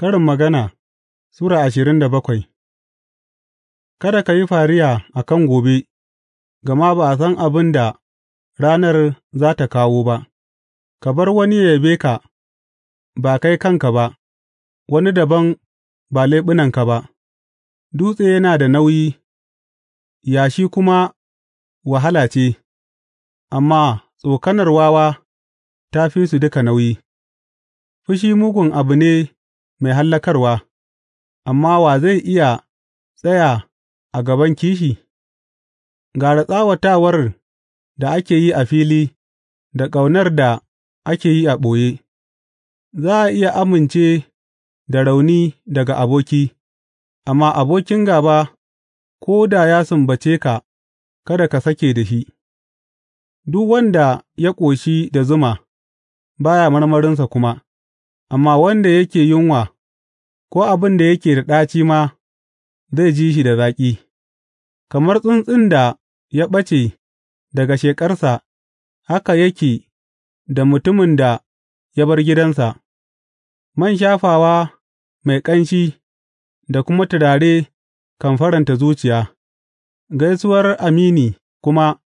Karin Magana Sura ashirin da bakwai Kada ka yi fariya a kan gobe, gama ba a san abin da ranar za tă kawo ba, ka bar wani ya yabe ka ba kai kanka ba, wani daban ba leɓunanka ba, dutse yana da nauyi, yashi kuma wahala ce, amma tsokanar wawa ta fi su duka nauyi, fushi mugun abu ne. mai hallakarwa, amma wa zai iya tsaya a gaban kishi? Gara tsawatawar da ake yi a fili da ƙaunar da ake yi a ɓoye, za a iya amince da rauni daga aboki, amma abokin gaba, ko da ya sumbace ka, kada ka sake da shi, duk wanda ya ƙoshi da zuma baya marmarinsa kuma. amma wanda yake yunwa, ko abin da yake da ɗaci ma zai ji shi da zaƙi, kamar tsuntsun da ya ɓace daga sheƙarsa, haka yake da mutumin da ya bar gidansa, man shafawa mai ƙanshi da kuma turare kan faranta zuciya, gaisuwar amini kuma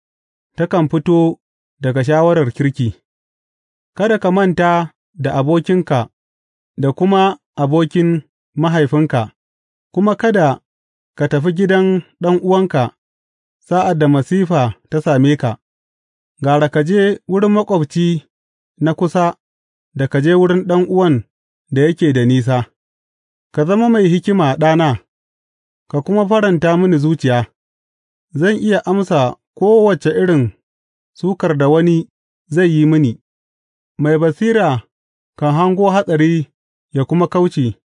takan fito daga shawarar kirki. Kada ka manta da abokinka da kuma abokin mahaifinka, kuma kada ka tafi gidan ɗan'uwanka sa'ad da masifa ta same ka, gara ka je wurin maƙwabci na kusa da ka je wurin ɗan'uwan da yake da nisa, ka zama mai hikima ɗana, ka kuma faranta mini zuciya, zan iya amsa kowace irin sukar da wani zai yi mini, mai basira kan hango hatsari. ya kuma kauce,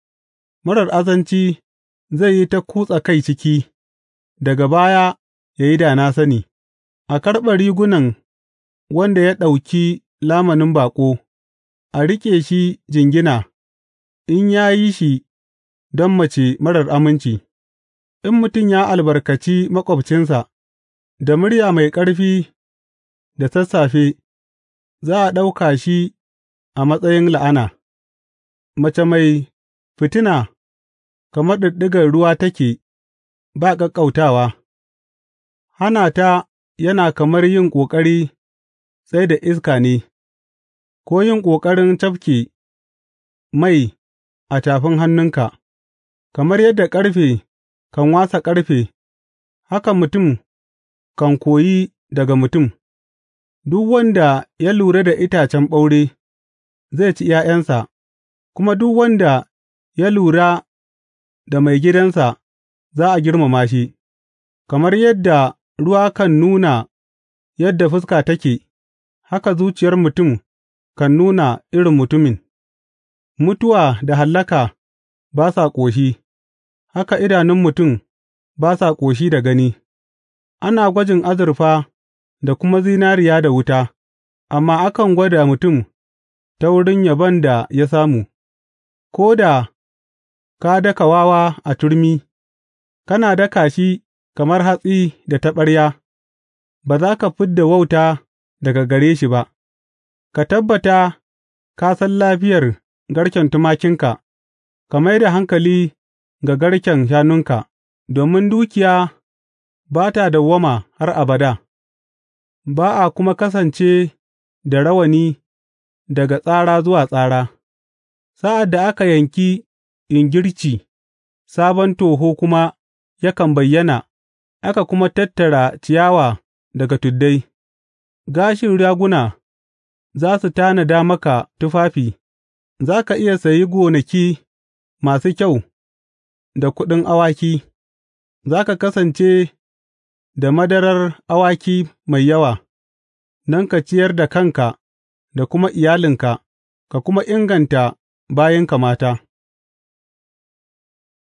marar azanci zai yi ta kutsa kai ciki, daga baya ya yi da na sani, a karɓa rigunan wanda ya ɗauki lamanin baƙo, a riƙe shi jingina in ya yi shi don mace marar aminci, in mutum ya albarkaci maƙwabcinsa da murya mai ƙarfi da sassafe, za a ɗauka shi a matsayin la'ana. Mace mai fitina kamar ɗiɗɗigar ruwa take ba ƙaƙƙautawa; hana ta yana kamar yin ƙoƙari tsai da iska ne, ko yin ƙoƙarin cafke mai a tafin hannunka; kamar yadda ƙarfe kan wasa ƙarfe, haka mutum kan koyi daga mutum; duk wanda ya lura da itacen ɓaure, zai ci ’ya'yansa. kuma duk wanda ya lura da maigidansa za a girmama shi, kamar yadda ruwa kan nuna yadda fuska take, haka zuciyar mutum kan nuna irin mutumin, mutuwa da hallaka ba sa ƙoshi, haka idanun mutum ba sa ƙoshi da gani, ana gwajin azurfa da kuma zinariya da wuta, amma akan gwada mutum ta wurin yabon da ya samu. ko da ka daka wawa a turmi, kana daka shi kamar hatsi da taɓarya, ba za ka fid da wauta daga gare shi ba, ka tabbata ka san lafiyar garken tumakinka, ka mai da hankali ga garken shanunka, domin dukiya ba ta dawwama har abada, ba a kuma kasance da rawani daga tsara zuwa tsara. Sa'ad da aka yanki ingirci sabon toho kuma yakan bayyana aka kuma tattara ciyawa daga tuddai; gashin raguna za su tanada maka tufafi, za ka iya sayi gonaki masu kyau da kuɗin awaki, za ka kasance da madarar awaki mai yawa, nan ka ciyar da kanka da kuma iyalinka, ka kuma inganta bayinka mata.